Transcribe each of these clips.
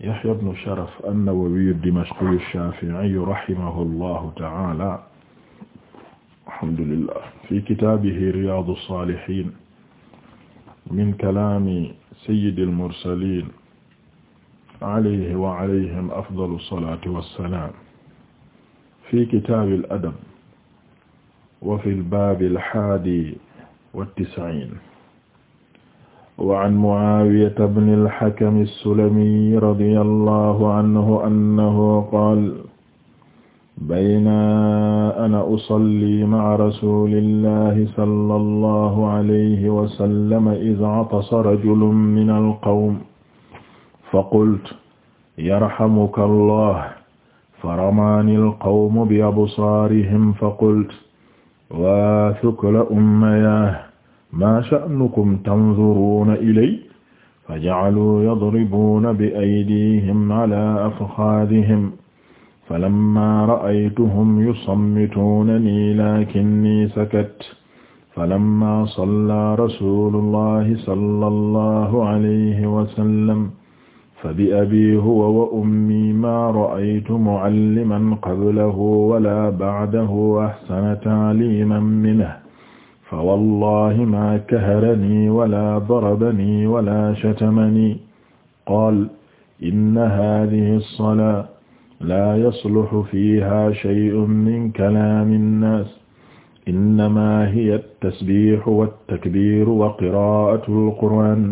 Yahya ibn Sharaf an-Nawawi ad-Dimashqi ash-Shafi'i rahimahu llahu ta'ala alhamdulillah fi kitaabihi Riyaadu s-Saalihiin min kalaami sayyidil mursaliin alayhi wa alayhim afdalu s-salaati was-salaam fi kitaabil adab wa fil baabil haadi wat-tis'iin wa an Mu'aawiyata bni al-Hakam as-Sulami radiyallahu anhu annahu qaala baynaa ana usalli ma'a rasuulillahi sallallahu alayhi wa sallam iz 'atasa rajulun mina al-qawm faqultu yarhamuka Allah faramaani al-qawmu bi-absaarihim faqultu waathuka la-umma yaa maa sha'nukum tanzuruuna ilay fa ja'aluu yadribuuna bi aydiihim alaa afxaadihim falammaa ra'aytuhum yusammitunanii laakinnii sakat falammaa sallaa rasuulullahi sallallahu alayhi wa sallam fabi abii huwa wa ummii maa ra'aytu mu'alliman qablahu wala ba'dahu ahsana ta'liiman minhu fa wallahi ma kaharanii wala darabanii wala shatamanii qaal inna haadihi as-salaa laa yasluhu fiihaa shay'un min kalaami an-naas innamaa hiya at-tasbiihu wat-takbiiru wa qiraa'atu al-qur'aan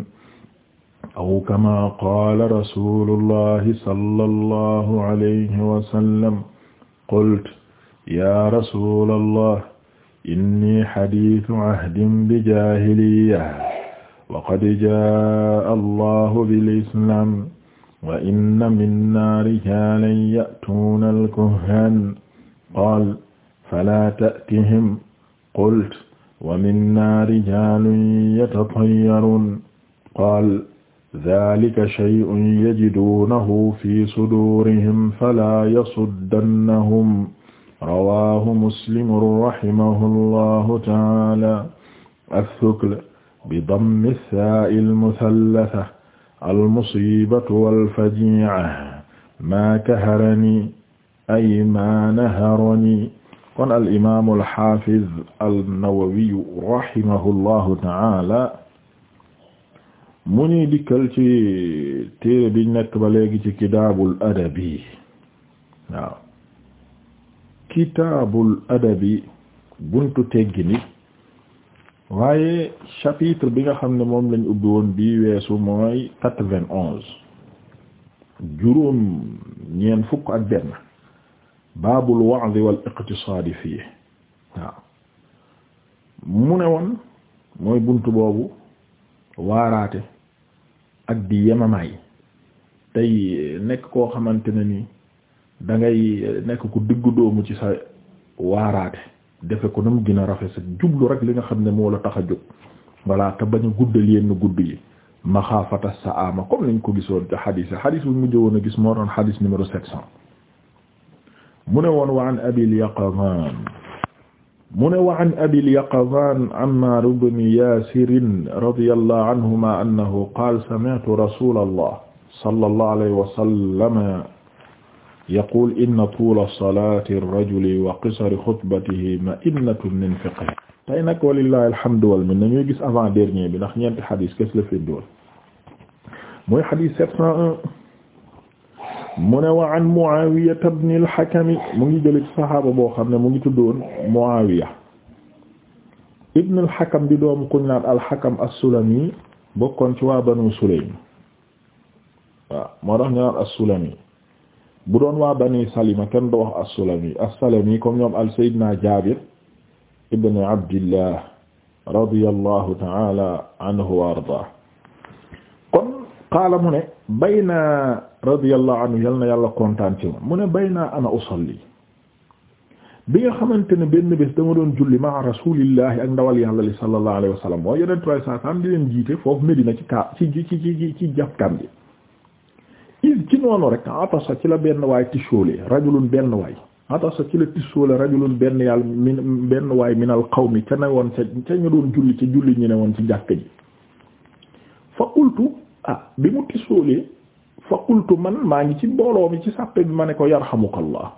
aw kamaa qaala rasuulullahi sallallahu alayhi wa sallam qultu yaa rasuulallah inni xadiisu ahdin bi jaahiliya wa qad jaa allahu bil islaam wa inna minna rijaalan ya'tuuna al-kuhhaan qaala falaa ta'tihim qultu wa minna rijaalun yatatayyaruun qaala zaalika shay'un yajiduunahu fii suduurihim falaa yasuddannahum rawaahu muslim rahimahullahu taala as-sukl bi dammi saa'i al-muthallasa al-musiibatu wal-fajii'a maa kaharani ay maa naharani kon al-imaam al-haafiz an-Nawawi rahimahullahu taala mu ñuy dikkal ci téere bi ñu nekk ba léegi ci kitaabul adabi waaw kitaabul adabi buntu teggini waaye chapitre bi nga xam ne moom lañ ubbi woon bii weesu mooy quatre-vingt-onze juróom ñeent fukk ak benn baabul wa'di wal mooy buntu boobu waaraate ak di yemamaay tey nekk koo xamante ne ni da ngay eh, nekk ku diggu doomu ci sa waaraate defe ko nam gën a rafet sa jublu rek li nga xam ne moo la tax a jóg voilà te bañ a guddal yenn gudd yi maxaafata sa ama comme lañ ko gisoon ca xadis xadis bu mujj woon a gis moo doon xadis numéro sept cent mu ne woon wa an abil mu ne wa an abil yaqadan ammar ibn yasir radiyallahu anhuma annahu qaala sami'tu rasulallah sallallahu alayhi wa yaqul inna a salaati rajuli wa qisari xutbatihi ma'innatun min fiqhi tey nag walillahi alhamdu wal minna ñuy gis avant dernier bi ndax ñeenti xadis kes fi doon mooy xadis 701 mu ne wa an Muawiya ibn al-Hakam mu ngi jël saxaaba boo xam ne mu ngi tuddoon Muawiya ibn al-Hakam di doomu kuñ naan al-Hakam as-Sulami bokkoon ci waa Banu Sulaym waaw moo tax ñu bu doon waa bani salima kenn du wax as-Sulami as-Salami ñoom al sayyidina Jaabir ibn Abdillah radiyallahu ta'ala anhu wa ardaa kon qaala mu ne bayna radiyallahu anhu yal na yàlla kontaan ci mu ne bayna ana usalli bi nga xamante ne benn bés dama doon julli ma rasulillahi ak ndawal yàlla li sallallahu alayhi wa sallam moo yeneen trois cent di leen jiite foofu Medina ci kaa ci ci ci ci jàpkan bi il ci noonu rek atasa ci la benn waay tisoolee rajulun benn waay atasa ci la tisoolee rajulun benn yàlla min benn waay minal qawmi ca ne woon ca ca ñu doon julli ca julli ñu ne woon ci jàkk ji fa qultu ah bi mu tisoolee fa qultu man maa ngi ci mbooloo mi ci sàppe bi ma ne ko yarhamukallah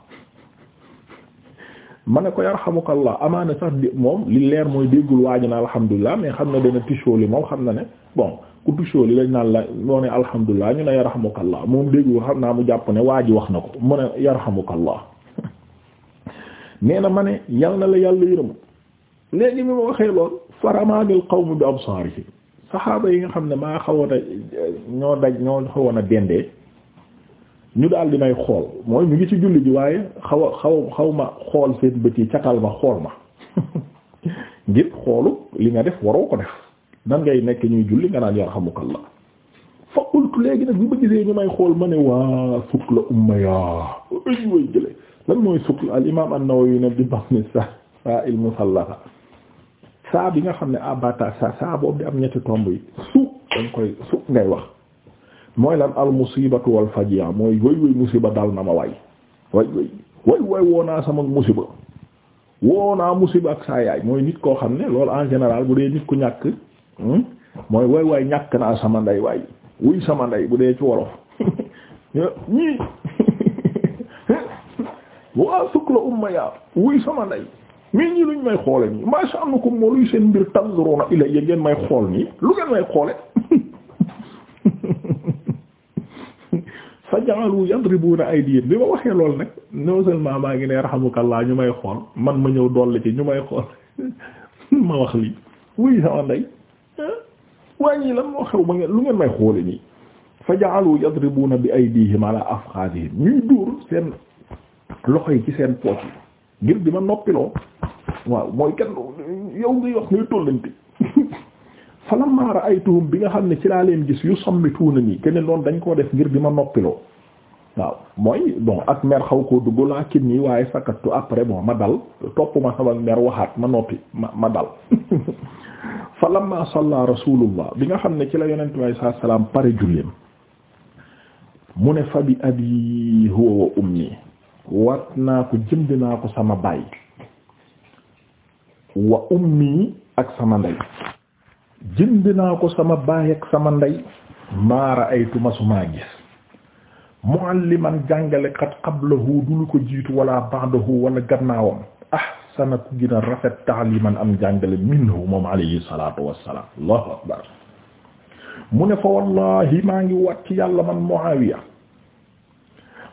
ma ne ko yarhamukallah amaana sax moom li leer mooy déggul waaju na alhamdulilah mais xam na dana tisoolee moom xam na ne bon. ku toushoo lañ naan la moo ne alhamdulilah ñu ne yarhamukallah moom déggu xam naa mu jàpp ne waa ji wax na ko mu ne yarhamukallah nee na ma ne yal na la yàlla yërëm léegi bi ma waxee lool faramaanil qawm bi absaarihi saxaaba yi nga xam ne maa xaw a ñoo daj ñoo xawoon a dendee ñu daal di may xool mooy mu ngi ci julli bi waaye xaw xaw xaw ma xool seen bët yi catal ma xool ma ngir xoolu li nga def waroo ko def nan ngay nekk ñuy julli nga naan yarhamukallah fa qultu léegi nag bi ma gisee ñu may xool ma ne waa sukk la umma yaa ay way jële lan mooy sukk la al imaam an-Nawawi ne bi baax ni sa il musallata saa bi nga xam ne abata sa saa boobu di am ñetti tomb yi sukk dañ koy sukk ngay wax mooy lan al musibatu wal fajia mooy way way musiba dal na ma way way way way way woonaa sama musiba woonaa musiba ak saa yaay mooy nit koo xam ne loolu en général bu dee nit ku ñàkk Hmm? mooy woy waay ñàkk naa sama ndey waay wuy sama ndey bu dee ci wolof ñii waa sukk la umma yaa wuy sama ndey mais ñii luñ may xoole nii maa sha'nukum moo luy seen mbir tanzuruna ilayya ngeen may xool nii lu ngeen may xoole faj'alu na aydihim bi ma waxee lool nag non seulement maa ngi ne laa ñu may xool man ma ñëw dolli ci ñu may xool ma wax lii wuy sama ndey waaye lan moo xew ma ngeen lu ngeen may xoole nii fa ja'alu yadribuna bi aydihim ala afxaadihim ñuy dóor seen loxo yi ci seen poche yi ngir di ma noppiloo waaw mooy kenn yow ngi wax ngay tollante falamma ra'aytuhum bi nga xam ne ci laa leen gis yu sammituuna nii keneen doon dañ koo def ngir di ma noppiloo waaw mooy bon ak mer xaw koo dugg laa kit nii waaye sakattu après bon ma dal topp ma sama mer waxaat ma noppi ma ma dal fa lamma salla rasulullah bi nga xam ne ci la yonent bi alayhi salaatu salaam pare julleem mu ne fa bi abi huwa wa ummi wat naa ko jënd naa ko sama baay wa ummi ak sama ndey jënd naa ko sama baay ak sama ndey maara ay tumasumaa gis mualliman jàngalekat qablahu du lu ko jiitu wala ba'dahu wala gannaawam ah ahsana ku gën a rafet taaliman am jàngale minhu moom alayhi salatu wassalam allahu akbar mu ne fa wallahi maa ngi wat ci yàlla man Muawiya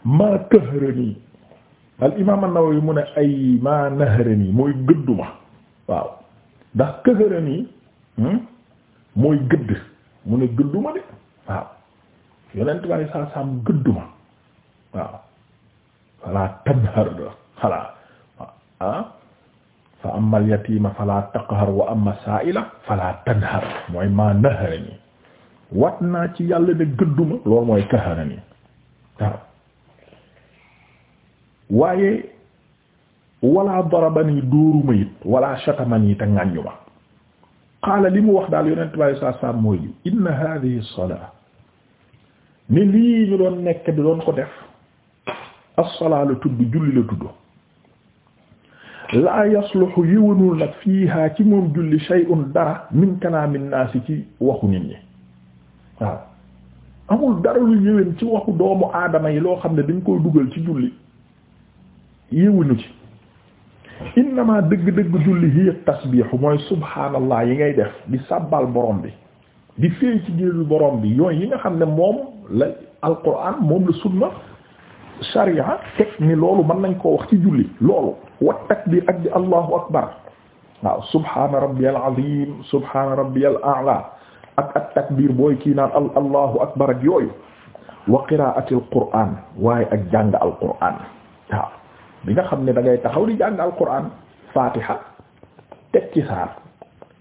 maa kahrani al imam an-Nawawi mu ne ay maa nahrani mooy gëdduma waaw ndax kahrani hmm, mooy gëdd mu ne gëdduma de waaw yonent bari saa gëdduma waaw wala tanhar xalaa fa amma al-yatiima fala taqhar wa amma as-saa'ila fala tanhar mooy maa naharani wat naa ci yàlla ne gëdduma loolu mooy kaharani waaw waaye wala darabani dóoruma it wala shatamani te ŋàññu ma qaala li mu wax daal yonent bi sallallahu alayhi wasallam mooy li inna hadhihi as-salaa ne lii ñu doon nekk di doon ko def as-salaa la tudd julli la tudd laa yasluhu yiwanul nag fiiha ci moom julli say dara min kalaamin naasi ci waxu nit ñi waaw amul dara lu yéwén ci waxu doomu aadama yi loo xam ne dañ koy dugal ci julli yéwénu ci innama dëgg-dëgg julli hiya tasbiixu mooy subhaanallah yi ngay def di sàbbal borom bi di féey ci géeju borom bi yooy yi nga xam ne moom la alquran moom la sunna sharia teg ni loolu mën nañ koo wax ci julli loolu wa takbir ak di allahu akbar waaw subhaana rabbiyal azim subhaana rabbiyal a'la ak ak takbir booy kii naan al allahu akbar ak yooyu wa qiraatil qur'aan waaye ak jàng al qur'aan waaw bi nga xam ne da ngay taxaw di jàng al qur'aan fatiha teg ci saar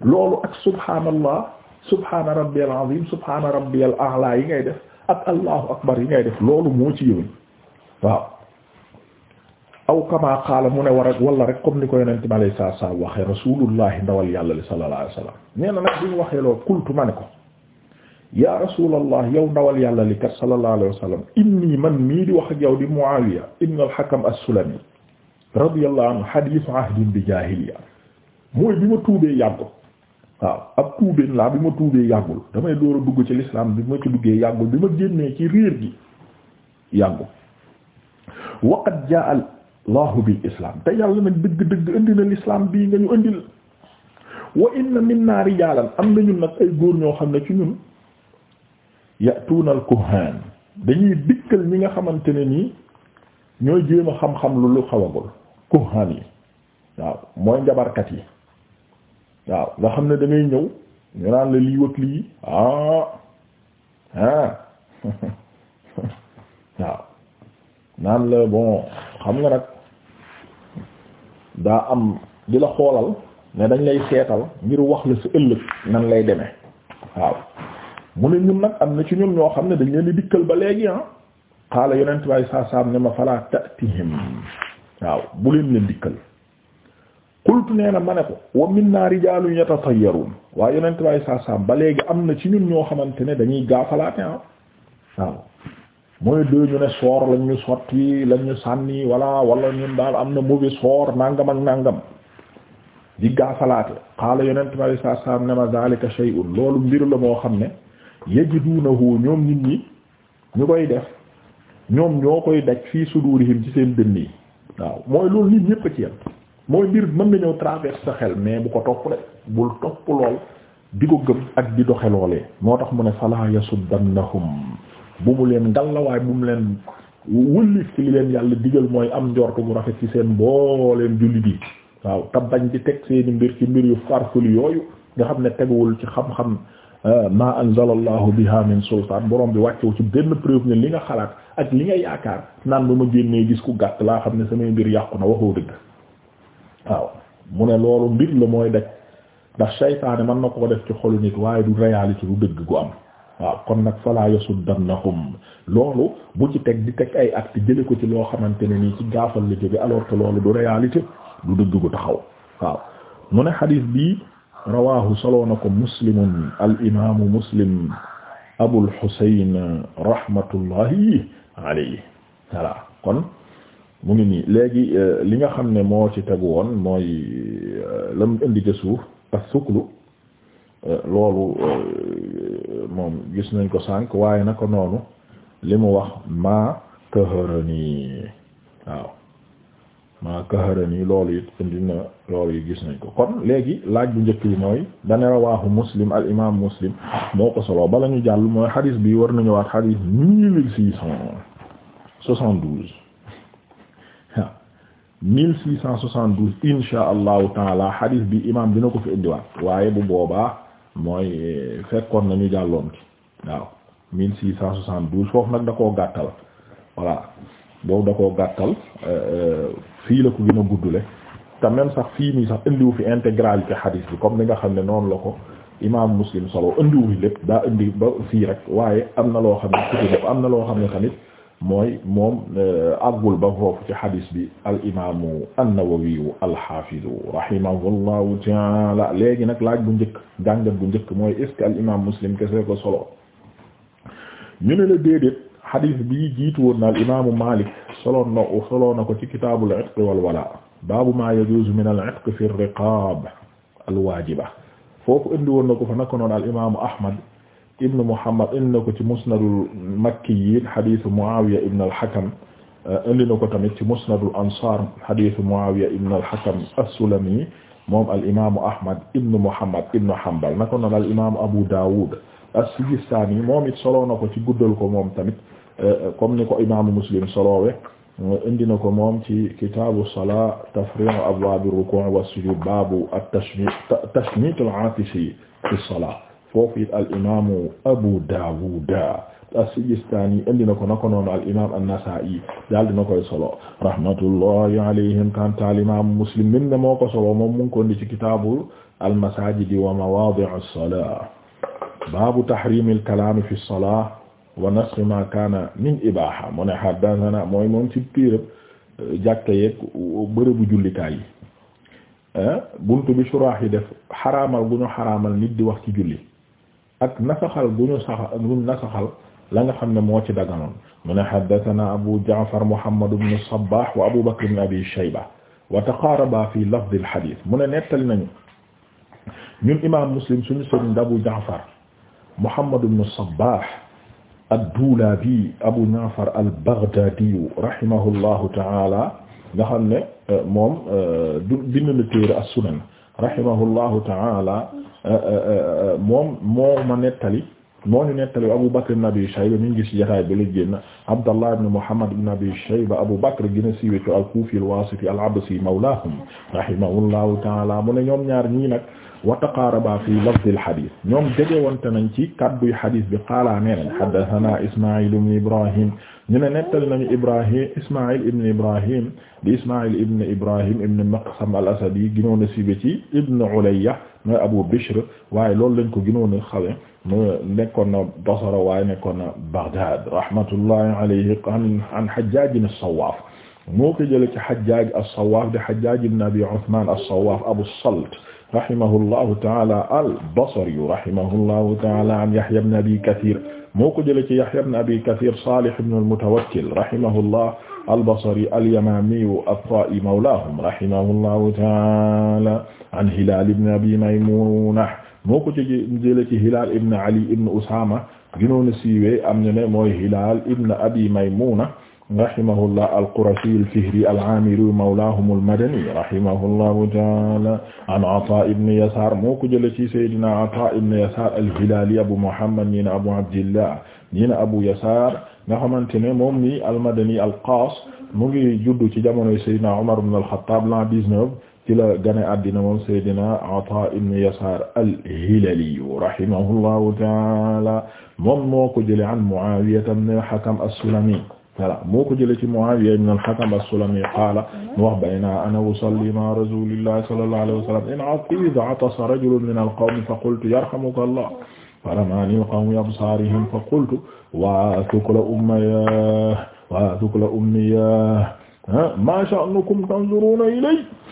loolu ak subhaanallah subhaana rabbiyal azim subhaana rabbiyal a'la yi ngay def ak allahu akbar yi ngay def loolu moo ci yëwén waaw aw kama qaala mu ne war ak wala rek comme ni ko yonente bi saa saa waxee rasulullahi ndawal yàlla li sallallahu alayhi wasallam nee na nag duñu waxee loolu kultu ma ne ko ya rasulallah yow ndawal yàlla li kat sallallahu alayhi wasallam inni man mii di wax ak yow di Muawiya ibn al-Hakam as-Sulami radiyallahu anhu hadith ahdin bi jahiliya mooy bi ma tuubee yàggul waaw ab tuubeen laa bi ma tuubee yàggul damay door a dugg ci l'islam bi ma ci duggee yàggul bi ma génnee ci réer gi waqad jaa allahu bi islam te yàlla nag dëgg-dëgg indi na l'islam bii nga ñu indil wa inna minna rijaalan am na ñun nag ay góor ñoo xam ne ci ñun ya'tuuna al kuhaan dañuy dikkal ñi nga xamante ne nii ñooy jéem a xam-xam lu lu xawagul kuhaan yi waaw mooy njabarkat yi waaw nga xam ne dangay ñëw ñu naan la lii wëkk lii ah ah waaw naan la bon xam nga nag daa am di la xoolal ne dañ lay seetal ngir wax la si ëllëg nan lay deme waaw mu ne ñun nag am na ci ñun ñoo xam ne dañ leen di dikkal ba léegi ah xaala yonent baay saa saam ne ma falaa ta'tihim waaw bu leen leen dikkal qultu nee na ma ne ko wa minna rijaalun yatatayyarun waaye yonent baay saa saam ba léegi am na ci ñun ñoo xamante ne dañuy gaafalaate ah waaw mooy deux ñu ne soor lañ ñu sotti lañ ñu sànni wala wala ñun daal am na mauvais sort nangam ak nangam di gaafalaate xaala yonent bi alei saatu salaam ma zalika shay'un loolu mbir la moo xam ne na yajidunahu ñoom nit ñi ñu koy def ñoom ñoo koy daj fii sudurihim ci seen dënn yi waaw mooy loolu nit ñépp a ci yam mooy mbir mën na ñëw traverse sa xel mais bu ko topp de bul topp lool di ko gëm ak di doxe loolee moo tax mu ne fala yasuddannahum bu mu leen ngallawaay bu mu leen wëllit ci li leen yàlla digal mooy am njortu bu rafet ci seen mbooleem jullit yi waaw te bañ di teg seeni mbir ci mbir yu farful yooyu nga xam ne teguwul ci xam-xam euh, ma anzalallahu biha min sultaan borom bi wàccewu ci benn preuve ne li nga xalaat ak li nga yaakaar naan ba ma génnee gis ku gàtt laa xam ne samay mbir yàqu na waxoo dëgg waaw mu ne loolu mbir la mooy daj ndax saytaane mën na koo def ci xolu nit waaye du réalité du dëgg gu am waaw kon nag fala yasuddannahum loolu bu ci teg di teg ay acte jële ko ci loo xamante ne nii ci gaafal la jóge alors que loolu du réalité du dëgg gu taxaw waaw mu ne xadis bi rawahu soloo na ko muslimun al imamu muslim abul husayn rahmatullahi alayhi voilà kon mu ngi nii léegi euh, li nga xam ne moo ci tegu woon mooy euh, lam indi ca suuf as-suklu loolu euh, moom gis nañ ko sànq waaye naka noonu li mu wax ma kaharani waaw maa kaharani loolu it indi na loolu yi gis nañ ko kon léegi laaj bu njëkk yi mooy dana rawaahu muslim al imaam muslim moo ko solo bala ñu jàll mooy xadis bii war nañu waat xadis mille six insha allahu taala xadis bi imaam dina ko fi indiwaat waaye bu boobaa mooy fekkoon nañu jàlloon ki waaw mille six cent soixante-douze foofu nag da koo gàttal voilà boobu da koo gàttal euh, euh, fii la ko gën a guddule te même sax fii nii sax indiwu fi intégralité xadiis bi comme ni nga xam ne noonu la ko imaam Muslim solo indiwu fi lépp daa indi ba fii rek waaye am na loo xam ne am na loo xam ne tamit mooy moom euh, àggul ba foofu ci hadis bi al imaamu an-Nawawi ta'ala léegi nag laaj bu njëkk jàngat bu njëkk mooy est ce que al imaam Muslim kese solo ñu ne la déedéet hadis bii jiitu woon na al imaamu Maalik soloon na solo na ko ci kitaabul itq wal walaa baabu maa min al fi ar-riqaab al foofu indi woon na ko fa naka noonu al ibn Muhammad indi na ko ci musnadul makkiyin hadithu Muawiya ibn al-Hakam euh, indi na ko tamit ci musnadul ansar hadithu Muawiya ibn al-Hakam as-Sulami moom al imaamu Ahmad ibn Muhammad ibn Hanbal naka noonu al imaamu Abu Dawud as-Sijistani moom it solo na ko ci guddal ko moom tamit euh, comme ni ko imaamu Muslim solowe indi na ko moom ci kitaabu salaa tafrii'u abwaabi ruku' wa sujuud baabu at-tashmiit at-tashmiit al-'aatishi fi salaa foofu it al imaamu Abu Dawud as-Sijistani indi na ko naka noonu al imaam an-Nasa'i daal dina koy solo rahmatullahi alayhim kanta al imaamu Muslim min ne moo ko solo moom mu ngi ko indi ci kitaabu al-masaajidi wa mawaadi'u as-salaah baabu tahriimi al-kalaami fi as-salaah wa nasxi maa kaana min ibaaha mu ne haddathana mooy moom ci piir eh, jàkka yeeg bërëbu jullikaay yi eh, buntu bi shuraax yi def xaraamal bu ñu xaraamal nit di wax ci julli. ak nasaxal bu ñu saxal bu ñu nasaxal la nga xam ne moo ci daganoon mu ne haddathana abu ja'far muhammad ibn sabbah wa abu bakr ibn abi shayba wa taqaaraba fi lafz al hadith mu ne nettali nañu ñun imam muslim suñu sëriñ di abu ja'far muhammad ibn sabbah ad-duulabi abu ja'far al-baghdadi rahimahullahu ta'ala nga xam ne euh, moom euh, du bind na téere as-sunan rahimahullahu ta'ala euh, euh, euh, moom moo ma nettali moo ñu nettali Abu Bakr ibn Abi Shayba mi ngi gis jotaay bi la génn Abdallah ibn Muhammad ibn Abi Shayba Abu Bakr gën a siiwe al-Kufi al-Wasiti al-Absi mawlahum rahimahullahu ta'ala mu ne ñoom ñaar ñii nag wa taqaaraba fi lafzi al-hadith ñoom jege wante nañ ci kadduy hadith bi qaala nee nañ haddathana Isma'il ibn Ibrahim ñu ne nettali nañu Ibrahim Isma'il ibn Ibrahim di Isma'il ibn Ibrahim ibn Maqsam al-Asadi gënoon a siibe ci ibn Ulayya mooy Abu Bishr waaye loolu lañ ko gënoon a xale mu nekkoon na Basra waaye nekkoon na Baghdad rahmatullahi alayhi an Hajjaj as-Sawwaf moo ko jëlee ci Hajjaj as-Sawwaf di Hajjaj ibn Abi Uthman as-Sawwaf Abu Salt rahimahullahu taala al-Basri rahimahullahu taala an Yahya ibn Abi Kathir moo ko jëlee ci Yahya ibn Abi Kathir Salih ibn al-Mutawakkil rahimahullah al-Basri al-Yamami at-Ta'i mawlahum rahimahullahu taala an Hilal ibn Abi Maymuna moo ko jëlee ci Hilal ibn Ali ibn Usama gënoon a siiwee am na ne mooy Hilal ibn Abi Maymuna rahimahullah al-Qurashi al-Fihri al-Amiri mawlahum al-Madani rahimahullahu ta'ala an Ata ibn Yasar moo ko jëlee ci Seydina Ata ibn Yasar al-Hilali Abu Muhammad ñi ne Abu Abdillah ñi ne Abu Yasar nga xamante ne moom ni al-Madani al-Qaas mu ngi juddu ci jamonoy Seydina Umar ibn al-Khattab l'an 19 ci la gane addina moom Seydina Ata ibn Yasar al-Hilali rahimahullahu ta'ala moom moo ko jëlee an Muawiya ibn al-Hakam as-Sulami voilà moo ko jëlee ci Muawiya ibn al-Hakam as-Sulami qaala mu wax bayna ana usalli ma'a rasulillahi sallallahu alayhi wa sallam in atasa rajulun min al-qawmi fa qultu yarhamuka Allah faramani al-qawmi absarihim fa qultu wa thukla ummiya wa thukla ummiya ma sha'nukum tanzuruna ilay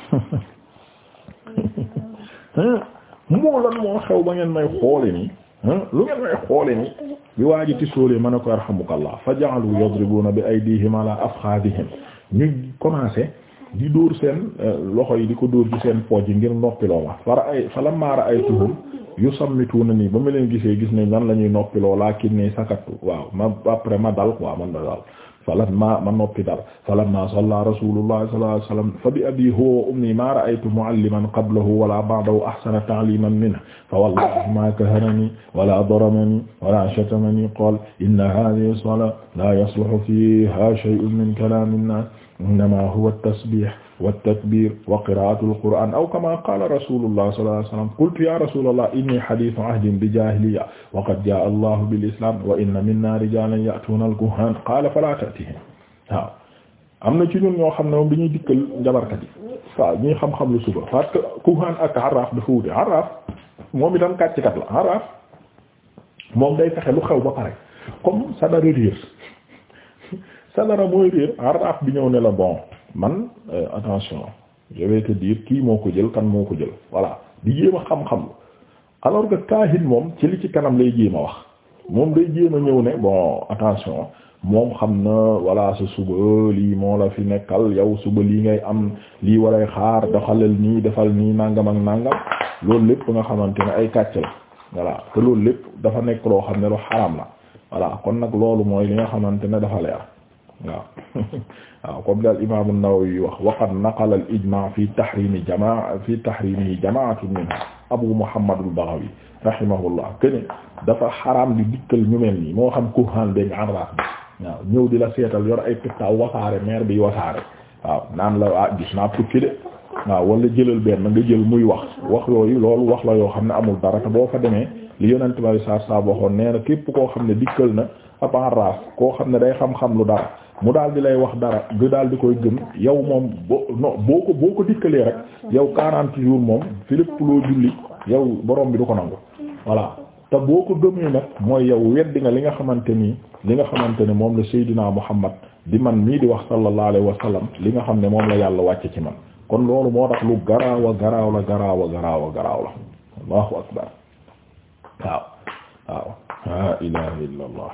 moo lan moo xew ba ngeen may xoole ni Hmm? lu ngeen may xoole ni bi waa ji tisoolee mën a ko yarhamukallah fa ja'alu yadribuna bi ay aydihim ala afkhadihim ñu commencé di dóor seen eh, loxo yi di ko dóor ci seen pooj yi ngir noppiloo ma fara ay fa lamma ra'aytuhum na nii ba ma leen gisee gis ne nan la ñuy noppiloo lakin ne sakatu waaw ma après ma dal quoi man ma dal falamma ma noppi dara falamma salla rasulullah sallallahu alayhi wasallam fa bi abi huwa wa ummi ma ra'aytu mu'alliman qablahu wala ba'dahu ahsana ta'liman minhu fa wallahi ma kahanani wala daramani wala shatamani qala inna hadhihi salat la yasluhu fiha shay'un min kalam an-nas innama huwa at-tasbih والتكبير وقراءة القرآن أو كما قال رسول الله صلى الله am na ci ñun ñoo xam ne moom dañuy dikkal njabarkat yi ñuy xam-xam lu parce que kuhaan ak araf dafa wute araf la araf moom day fexe bi ñëw ne la bon man euh, attention je vais te dire kii moo ko jël kan moo ko jël voilà di jéem a xam-xam alors que kaahin moom ci li ci kanam lay jéem a wax moom day jéem a ñëw ne bon attention moom xam na voilà sa suba lii moo la fi nekkal yow suba lii ngay am lii waray xaar doxalal nii defal nii nàngam ak nangam loolu lépp nga xamante ne ay kàcc la voilà te loolu lépp dafa nekk loo xam ne lu xaram la voilà kon nag loolu mooy li nga xamante ne dafa leer waaw waaw comme daal imaamu Nawawi wax waqad naqala al ijmaa fi tahrimi jamaa fi tahrimi jamaatun minha abu Muhammad al-Baghawi rahimahullah kene dafa xaraam di dikkal ñu mel nii moo xam kuhaan beeg anraas bi waaw ñëw di la seetal yor ay pittaaw wasaare maire bi wasaare waaw naan la ah gis naa tukki de waaw wala jëlal benn nga jël muy wax wax yooyu loolu wax la yoo xam ne amul dara te boo fa demee li yonent bi saa saa waxoon nee na képp koo xam ne dikkal na ab koo xam ne day xam lu dara. mu daal di lay wax dara du daal di koy gëm yow moom boo non boo ko boo ko dikkalee rek yow 40 jours moom Philippe loo julli yow borom bi du ko nangu voilà te boo ko gëmee nag mooy yow weddi nga li nga xamante ni li nga xamante ne moom la Seydina Muhammad di man mii di wax sallallahu alayhi wa sallam li nga xam ne moom la yàlla wàcce ci man kon loolu moo tax lu garaaw a garaaw garaaw la allahu waaw waaw la ilaha illa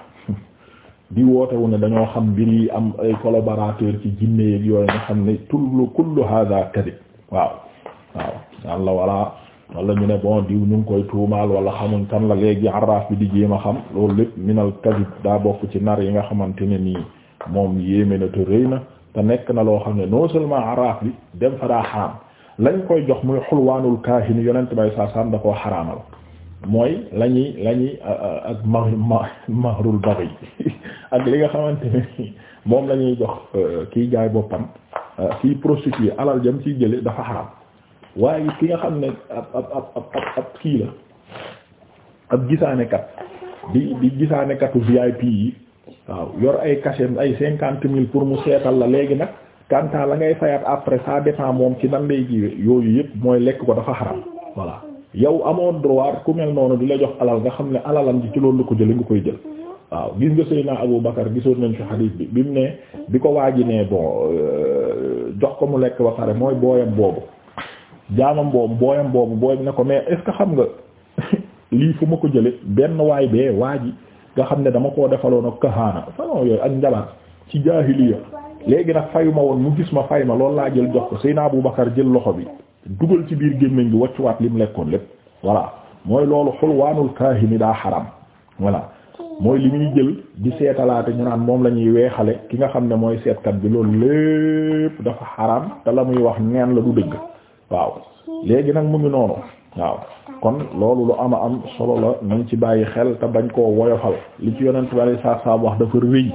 di wootewu wu ne dañoo xam mbir yi am ay collaborateur ci jinne yeeg yooyu nga xam ne tullu kullu hadha kadib waaw waaw naan la wala ñu ne bon diw ñu ngi koy tuumaal wala xamuñ kan la léegi araf bi di jéem a xam loolu lépp minal kadib daa bokk ci nar yi nga xamante ne nii moom yéeme na te rëy na te nekk na loo xam ne noo seulement araf bi dem fa daa xaraam lañ koy jox muy xulwaanul kaahini yonent bay saa sam da koo xaraamal mooy lañuy lañuy ak ma ma ak li nga xamante ne moom la ñuy jox euh, kiy jaay boppam euh, kiy prostitué alal jam ciy jële dafa xaram waaye ki nga xam ne ab ab ab ab kii la ab gisaanekat di di gisaanekatu VIP yi waaw yor ay cachet ay cinquante mille pour mu seetal la léegi nag kanta la ngay fayaat après ça dépend moom ci nan lay jiwe yooyu yëpp mooy lekk ko dafa xaram voilà yow amoo droit ku mel noonu di la jox alal nga xam ne alalam ji ci loolu la ko jële nga koy jël waaw gis nga Seydina Abu Bakar gisoon nañ fi xadiis bi bi mu ne bi ko waaji ne bon euh, jox ko mu lekk ba pare mooy booyam boobu jaamam boobu booyam boobu booy ne ko mais est xam nga lii fu ma ko jële benn waay bee waaji nga xam ne dama koo defaloon ak kahaana fanon yooyu ak njabar ci jaahiliya léegi nag fayuma woon mu gis ma fay ma loolu laa jël jox ko Seydina Abu Bakar jël loxo bi dugal ci biir gémmiñ gi waccuwaat li mu lekkoon lépp voilà mooy loolu xulwaanul kaahini daa xaram voilà mooy li muy jël di seetalaate ñu naan moom la ñuy weexale ki nga xam ne mooy seetkat bi loolu lépp dafa xaraam te la muy wax neen la du dëgg waaw léegi nag mu ngi noonu waaw kon loolu lu ama am solo la nañ ci bàyyi xel te bañ koo woyofal li ci yonent bari saa saa wax dafa rëy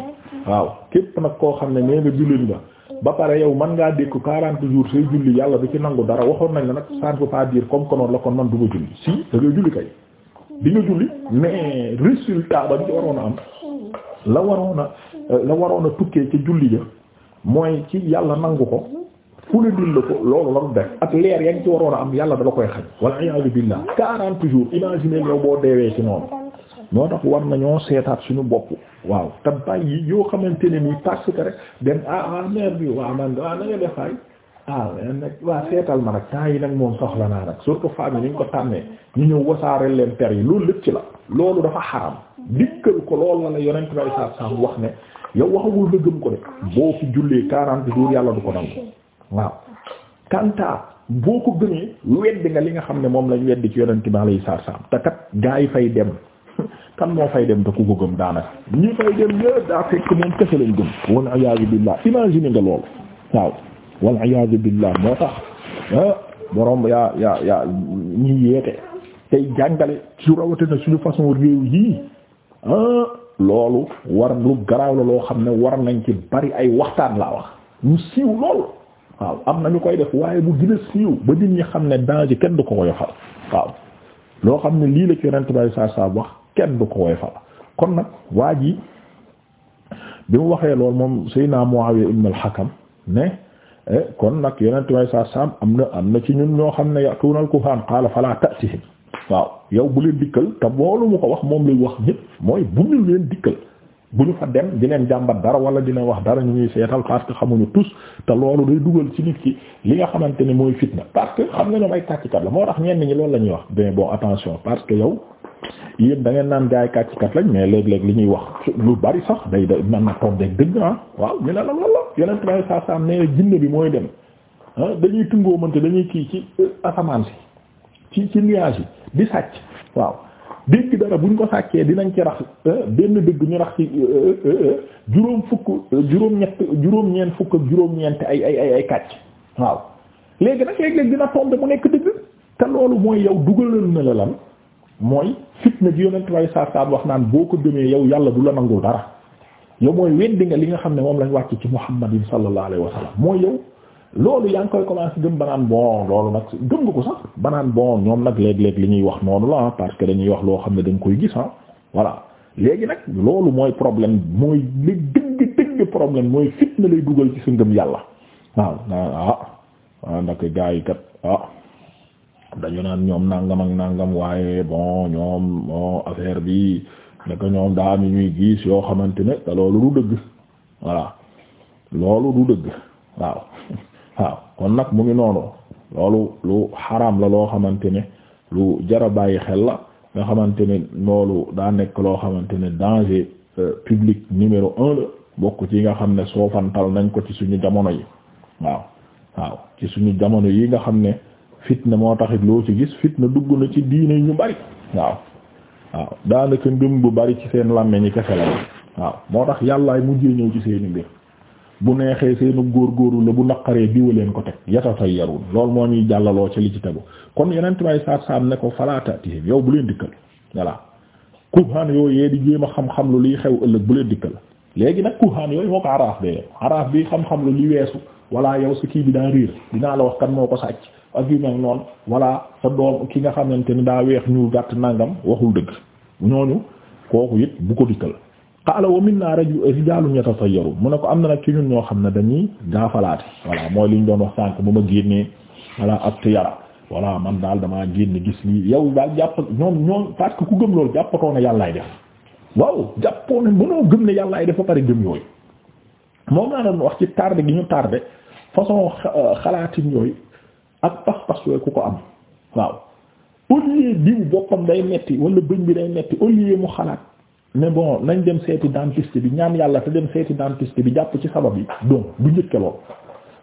waaw képp nag koo xam ne nee nga jullit nga ba pare yow man ngaa dékku quarante jours say julli yàlla du ci nangu dara waxoon nañ la nag ça ne veut pas dire comme que noonu la kon man di nga julli mais résultat ba bi ci waroon a am la waroon a la waroon a tukkee ci julli ja mooy ci yàlla nangu ko fu ne la ko loolu la du def ak leer yaa ngi ci waroon a am yàlla dala koy xaj walla iyaazu billah quarante jours imaginer yow boo deewee ci noonu ñoo tax war ñoo seetaat suñu bopp waaw te bàyyi yoo xamante ne nii parce que rek dem ah ah bi waaw man ah na nga ah nag waa seetal ma nag temps yi nag moom soxla naa nag surtout femmes yi ni ñu ko tànnee ñu ñëw wasaare leen per yi loolu lépp ci la loolu dafa xaram dikkal ko loolu la la yonent bay saa saam wax ne yow waxagul nga gëm ko boo fi jullee quarante jours ko nangu waaw kanta ko gëmee li nga xam ne moom lañ weddi ci yonent bi alayhi salaam te kat gaa yi fay dem kan moo fay dem te ku ko gëm daanaka ñi fay dem la daa fekk moom kese lañ gëm. wal iyaazu billaah imagine nga loolu waaw. wal iyaadu billah moo tax ah, borom yaa yaa yaa ñi yeete tey jàngale su rawatina suñu façon réew yii ah, loolu war lu garaaw la loo xam ne war nañ ci bari ay waxtaan laa wax ñu siiw lool waaw am na ñu koy def waaye bu gën siiw ba nit ñi xam ne danger kenn du ko woyofal waaw loo xam ne lii la ci rent bay saa saa wax kenn du ko woyofal kon nag waa ji bi mu waxee lool moom Seydina Muawiya ibn al-Hakam ne Eh, kon nag yonent way sa sam am na am na ci ñun ñoo xam ne yatuunal kufaan qaala fala ta'tihim waaw yow bu leen dikkal te boolu mu ko wax moom lay wax ñëpp mooy bu ñu leen dikkal bu ñu fa dem di leen jàmbat dara wala dina wax dara ñu ñuy seetal parce que xamuñu tus te loolu day dugal ci nit ki li nga xamante ne mooy fitna parce que xam nga ñoom ay kàccikat la moo tax ñenn ñi loolu la ñuy wax mais bon attention parce que yow yéen da ngeen naan gaay kàccikat lañ mais léeg-léeg li ñuy wax lu bari sax day day man na toog deg dëgg ah waaw ñu ne la loolu yeneen tubaab yi saa saa nee jinne bi mooy dem ah dañuy tungoo mënte dañuy kii ci asamaan si ci ci nuage yi di sàcc waaw. dégg dara buñ ko sàccee dinañ ci rax euh, benn dëgg ñu rax ci euh, euh, juróom fukk juróom ñett juróom ñeent fukk ak juróom ñeent ay ay ay ay kàcc waaw léegi nag léeg-léeg dina tombe mu nekk dëgg te loolu mooy yow dugalal na la lan mooy fitna ji yonent way saasaan wax naan boo ko demee yow yàlla du la nangul dara yow mooy weddi nga li nga xam ne moom lañ wàcc ci muhammadin sallallahu alayhi wa sallam mooy yow loolu yaa ngi koy commencé gëm banaan bon loolu nag gëm ko sax banaan bon ñoom nag léeg-léeg li ñuy wax noonu la parce que dañuy wax loo xam ne dañ koy gis ah voilà léegi mooy problème mooy li mooy fitna lay dugal ci sa ngëm yàlla ah ah ah dañu naan ñoom nangam ak nangam waaye bon ñoom bon affaire bi naka ñoom daa mi ñuy gis yoo xamante ne te loolu du dëgg loolu du dëgg waaw. waaw kon nag mu ngi noonu loolu lu xaram la loo xamante ne lu jara bàyyi xel la nga xamante ne loolu daa nekk loo xamante ne danger euh, public numéro un la bokk ci nga xam ne soofantal nañ ko ci suñu jamono yi waaw waaw ci suñu jamono yi nga xam ne fitna moo taxit loo ci gis fitna dugg na ci diine ñu bari waaw waaw daanaka ngëm bu bari ci seen làmmiñ ñi kese la waaw moo tax yàllaay mujjee ñëw ci seeni mbir bu neexee seenu góorgóorlu la bu naqaree diwa leen ko teg yatafayarun loolu moo ñuy jàllaloo ci li ci tegu kon yeneen may saat saam ne ko falatatihim yow bu leen dikkal voilà kuhaan yooyu yee di jéem a xam-xam lu liy xew ëllëg bu leen dikkal léegi nag kuhaan yooyu moo ko araaf de araaf bi xam-xam lu li weesu walla yow sa kii bi daa riir dinaa la wax kan moo ko sàcc ak yu mel noonu walla sa doom ki nga xamante ni daa weex ñu gàtt nangam waxul dëgg ñooñu kooku it bu ko dikkal qaala wa minna rijaalun yatatayyaruun mu ne ko am na nag ci ñun ñoo xam ne dañuy gaafalaate voilà mooy li doon wax sànk bu ma génnee voilà ab tiyara voilà man daal damaa génn gis lii yow daal jàpp ñoom ñoom parce que ku gëm loolu jàppatoo yàllaay def waaw jàppoo ne mënoo gëm ne yàllaay def ba pare gëm yooyu moom laa doon wax ci tardé gi ñu tardé façon euh, xalaatin yooyu ak pas-pas yooyu ku ko am waaw au diw boppam day metti wala bëñ bi day metti au mu xalaat. mais bon nañ dem seeti dentiste bi ñaan yàlla te dem seeti dentiste bi jàpp ci sabab yi donc bu njëkk lool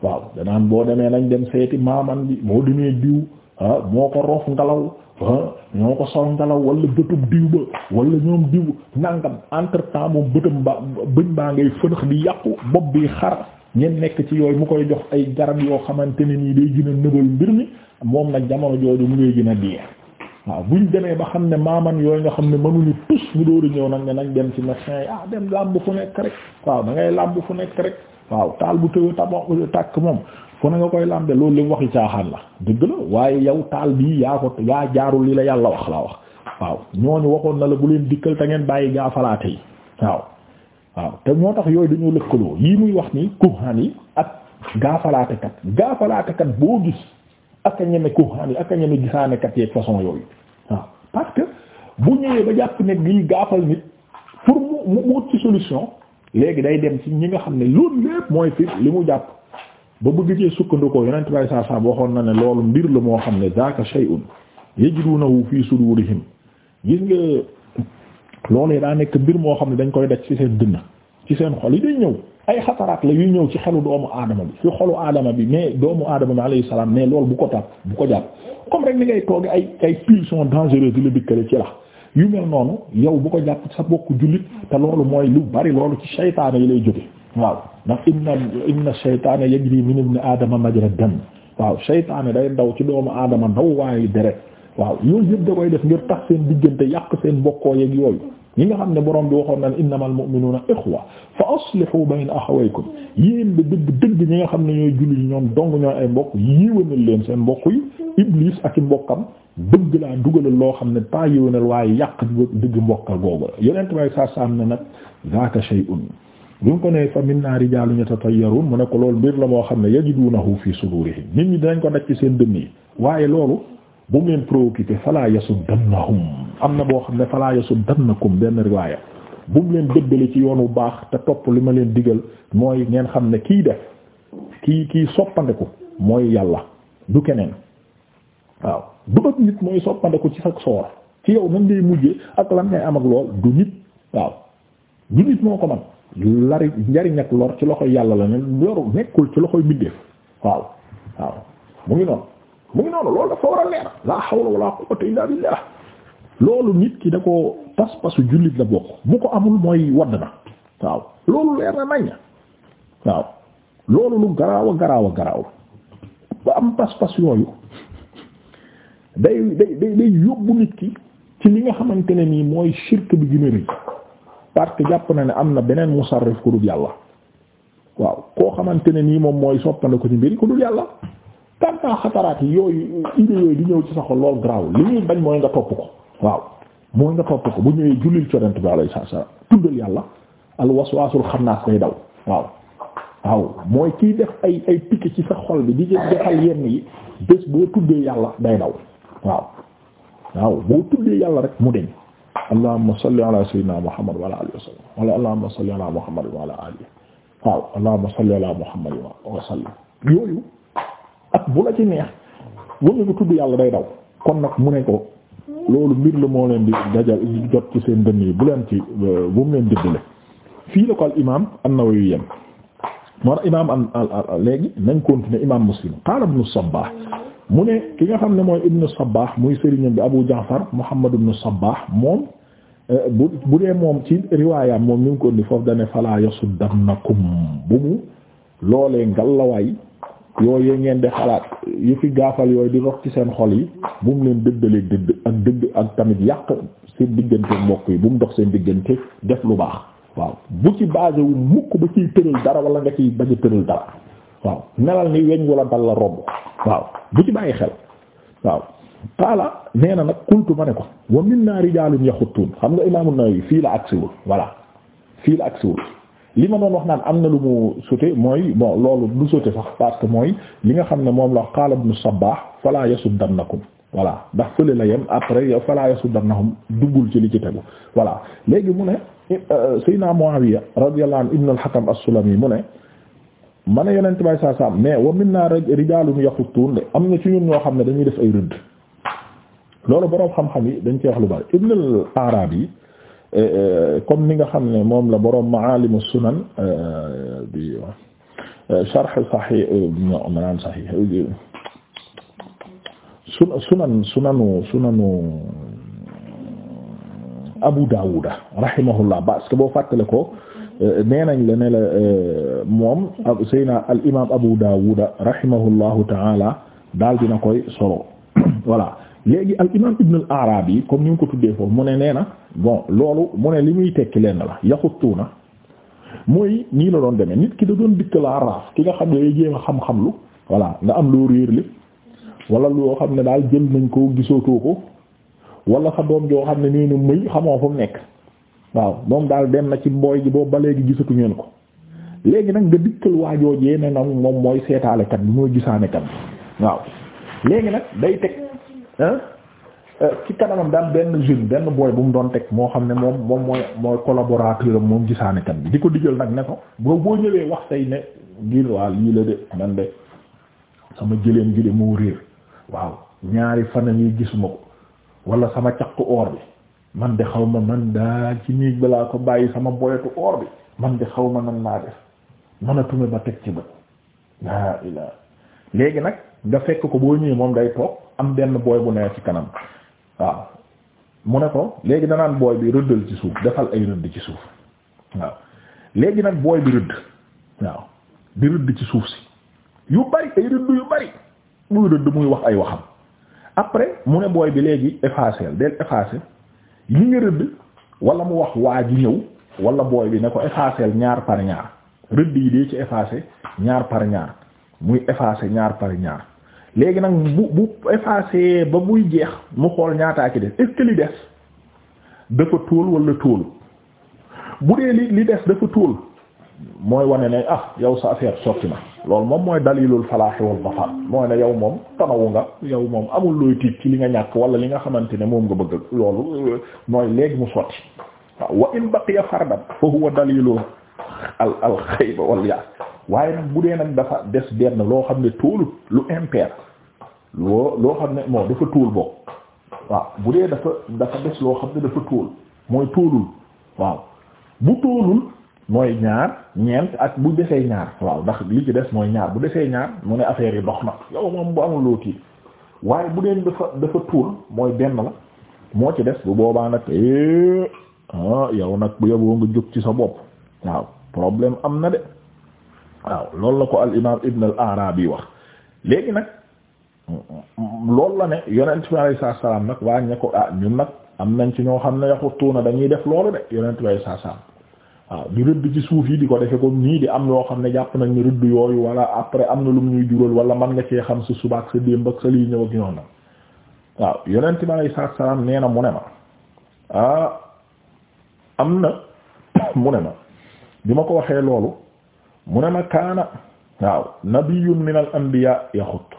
waaw danaan boo demee nañ dem seeti maaman bi moo demee diw ah moo ko roof ngelaw ah ko sol ngelaw wala bëtub diw ba wala ñoom diw nangam entre temps moom bëtam ba bëñ baa ngay fënëx di yàqu bopp bi xar ñeen nekk ci yooyu mu koy jox ay garab yoo xamante ne nii day gën a nëbal mbir mi moom nag jamono jooju mu ngay gën a waaw buñ demee ba xam ne maaman yooyu nga xam ne mënuñu tus mu dóoru ñëw nag ne nañ dem ci médecin yi ah dem làmb fu nekk rek waaw da ngay làmb fu nekk rek waaw taal bu tëw tamo tàkk moom fu na nga koy làmbe loolu li mu waxi caaxaan la dëgg la waaye yow taal bi yaa ko yaa jaarul li la yàlla wax laa wax waaw ñu waxoon na la bu leen dikkal te ngeen bàyyi gaafalaate yi waaw waaw te moo tax yooyu dañoo lëkkaloo yii muy wax nii kuhaan yi ak gaafalaatekat ak a ñeme kuuxaan yi ak a ñeme gisaanekat façon yooyu parce que bu ñëwee ba jàpp nekk lii gaafal nit pour mu mu wut ci solution léegi day dem ci ñi nga xam ne loolu lépp mooy fi li mu jàpp ba bëgg cee sukkandikoo yonent bay saa saa waxoon na ne loolu mbir la moo xam ne zaaka shay'un yajidunahu fi sudurihim gis nga loolu daa nekk mbir moo xam ne dañ koy def ci seen dënn ci seen xol yi day ñëw ay xataraat la yuy ñëw ci xelu doomu aadama bi fi xolu aadama bi mais doomu aadama bi alayhi mais loolu bu ko tàpp bu ko jàpp comme rek ni ngay tooge ay ay pulsions dangereuses di la dikkale ci la yu mel noonu yow bu ko jàpp sa bokku jullit te loolu mooy lu bari loolu ci shaytaana yi lay jóge waaw ndax inna inna shaytaana yajri min ibni aadama majra dam waaw shaytaana day ndaw ci doomu aadama ndaw waaye deret waaw yooyu yëpp da koy def ngir tax seen diggante yàq seen bokkoo yeeg yooyu ñi nga xam ne borom bi waxoon nan innamal mu'minuna ikhwa fa aslihu bayna akhawaykum yéen da dëgg dëgg ñi nga xam ne ñooy julli ñoom dong ñooy ay mbokk yéwénal leen seen mbokk yi iblis ak i mbokkam bëgg laa dugalal loo xam ne pas yéwénal waaye yàq dëgg mbokka googu la yonent bay saa saam ne nag zaaka shay'un lu ko ne fa minna rijaalun yatatayyarun mu ne ko loolu mbir la moo xam ne yajidunahu fi sudurihim nit ñi dinañ ko daj ci seen dënn yi waaye loolu bu ngeen préoccupé fala yasuddannahum am na boo xam ne fala yasuddannakum benn riwaaya bu mu leen dëbbale ci yoon yoonu baax te topp li ma leen digal mooy ngeen xam ne kii def kii kii soppandeku mooy yàlla du keneen waaw du ak nit soppandeku ci sa soor ci yow nan ngay mujjee ak lan ngay am ak lool du nit waaw du nit moo ko man lari njariñ ak lor ci loxo yàlla la ne loru nekkul ci loxoy mbindeef waaw waaw mu ngi noonu mu ngi noonu loolu dafa war a leer la hawla wala quwwata illa billah loolu nit ki da ko pas-pasu jullit la bokk mu ko amul mooy wadd na waaw loolu leer na nañ waaw loolu lu garaaw a garaaw a garaaw ba am pas-pas yooyu day day day yóbbu nit ki ci li nga xamante ne nii mooy shirk bi gën a rëy parce que jàpp na ne am na beneen musarrif ku dul yàlla waaw koo xamante ne nii moom mooy soppana ko ci mbiri ku dul yàlla kanta xataraat yi yooyu di ñëw ci sa xol lool graw li ñuy bañ mooy nga topp ko waaw mooy nga topp ko bu ñëwee jullil corent bi alayhi tuddal yàlla al waswasul xannaas day daw waaw waaw mooy kiy def ay ay pique ci sa xol bi di defal yenn yi bés boo tuddee yàlla day daw waaw waaw boo tuddee yàlla rek mu deñ allahumma salli ala sayyidina muhammad wa ala alihi wa muhammad waaw allahumma yooyu ak bu la ci neex wala nga tudd yàlla day daw kon nag mu ne ko loolu mbir la moo leen di dajal jot ci seen dënn yi bu leen ci euh, bu mu leen dëddale fii la ko al imaam an-Nawawi yem moo tax imaam an al léegi nañ continuer imaam Muslim qaala ibnu Sabbah mu ne ki nga xam ne mooy ibnu Sabbah muy sëriñam bi Abu Ja'far Muhammad ibnu Sabbah moom euh, bu bu dee moom ci riwaayam moom ñu di ko indi foofu dane fala yasuddannakum bu mu loolee ngalawaay yooyu ngeen di xalaat yu fi gaafal yooyu di rox ci seen xol yi bu mu leen dëddalee dëdd ak dëdd ak tamit yàq seen diggante mbokk yi bu mu dox seen diggante def lu baax waaw bu ci basé wu mukk dara wala nga ciy bañ a waaw melal ni weñ wala dal la romb waaw bu ci xel waaw qaala nee na nag kultu ma ne ko wa minna rijaalun yaxutuun xam nga imaamu Nawawi fii la agsiwul voilà fii la agsiwul li ma doon wax naan am na lu mu sute mooy bon loolu du sute sax parce mooy li nga xam ne moom la wax qaala ibnu Sabbah fala yasuddannakum voilà ndax fële la yem après yow fala yasuddannahum duggul ci li ci tegu voilà léegi mu ne eh, euh, naa Muawiya radiyallahu anhu ibnu al-Hakam as-Sulami mu ne ma ne yonent bay saa saam mais wa minna rijaalun yaxuttuun de am na ci ñun ñoo xam ne dañuy def ay rëdd loolu boroom xam-xam yi dañ ci wax lu bari Ibn al-Arabi Eh, eh, comme ni nga xam ne moom la boroom Maalimu Sunan bi eh, sharh Sahih maanaam Sahih sunan sunanu sunanu Abu Dawuda rahimahullah parce que boo fàttale ko nee nañ la ne la moom Seyna al imaam Abu Dawuda rahimahullahu taala daal dina koy solo voilà léegi al imaam Ibn comme ni mu ko tuddee foofu mu ne nee na. bon loolu mu ne li muy tekki lenn la na mooy nii la doon deme nit ki da doon dikk laa raaf ki nga xam ne day jéem a xam-xam lu voilà nga am loo réer li wala loo xam ne daal jël nañ ko gisootoo ko wala sa doom joo xam ne nii nu muy xamoo fu mu nekk waaw moom daal dem na ci mbooy ji boobu ba léegi gisatu ngeen ko léegi nag nga dikkal waajoojee ne nag moom mooy seetaalekat bi mooy gisaanekat bi waaw léegi nag day teg Euh, ci kanamam daal benn jeune benn booy bu mu doon teg moo xam ne moom moom mooy mooy collaborateur am moom gisaanekat bi di ko digal nag ne ko boo boo ñëwee wax tey ne ngir waa lii man de jëleen gi de moo waaw ñaari fana yi gisuma ko wala sama caq or bi xaw ma man daal ci néeg balaa ko bàyyi sama boyetu or bi man de xaw ma nan naa def mënatuma ba ci bët nag nga fekk ko boo ñëwee moom day toog am benn booy bu ne ci kanam waaw mu ne ko léegi danaan booy bi rëddal ci suuf defal ay rëdd ci suuf waaw léegi nag booy bi rëdd waaw di rëdd ci suuf si yu bari ay rëdd yu bari muy rëdd muy wax ay waxam après mu ne booy bi léegi effacer del effacer li nga rëdd wala mu wax waa ji ñëw walla booy bi ne ko effacer ñaar par ñaar rëdd yi dee ci effacer ñaar par ñaar muy effacer ñaar par ñaar léegi nag bu bu effacé ba muy jeex mu xool ñaataa ci des est-ce li des dafa tóol wala tóol bu dee li li des dafa tóol mooy wane ne ah yow sa affaire sotti na loolu moom mooy dalilul falaaxi wal dafar mooy ne yow moom tanawu nga yow moom amul looy tiit ci li nga ñàkk wala li nga xamante ne moom nga bëgg loolu mooy léegi mu sotti waaw wa in baqiya fardan fa huwa dalilul al al xayba wal yaas waaye nag bu dee nag dafa des benn loo xam ne tóolut lu impair loo loo xam ne moo dafa tóol bokk waaw bu dee dafa dafa des loo xam ne dafa tóol mooy tóolul waaw bu tóolul mooy ñaar ñeent ak bu desee ñaar waaw ndax li ci des mooy ñaar bu desee ñaar mu ne affaire yi dox na yow moom bu amul loo tiit waaye bu dee dafa dafa tóol mooy benn la moo ci des bu boobaa nag eh ah yow nag bu yoboo nga jóg ci sa bopp waaw problème am na de waaw loolu la ko al imaam Ibn al wax léegi nag loolu la ne yonent bi alayhi salaam nag waa ña ko ah ñun nag am nañ ci ñoo xam ne yaxutuuna dañuy def loolu de yonent bi alayhi di suuf yi di ko defee comme nii di am yoo xam ne jàpp nañ ni rëdd yooyu wala am na lu mu ñuy wala man nga cee xam sa suba ak sa ñëw ak ñoom nag waaw yonent bi alayhi nee na mu ne ah, am na mu ne ma bi ma ko waxee loolu. mu ne ma kaana waaw nabiyyun min al anbiya yaxut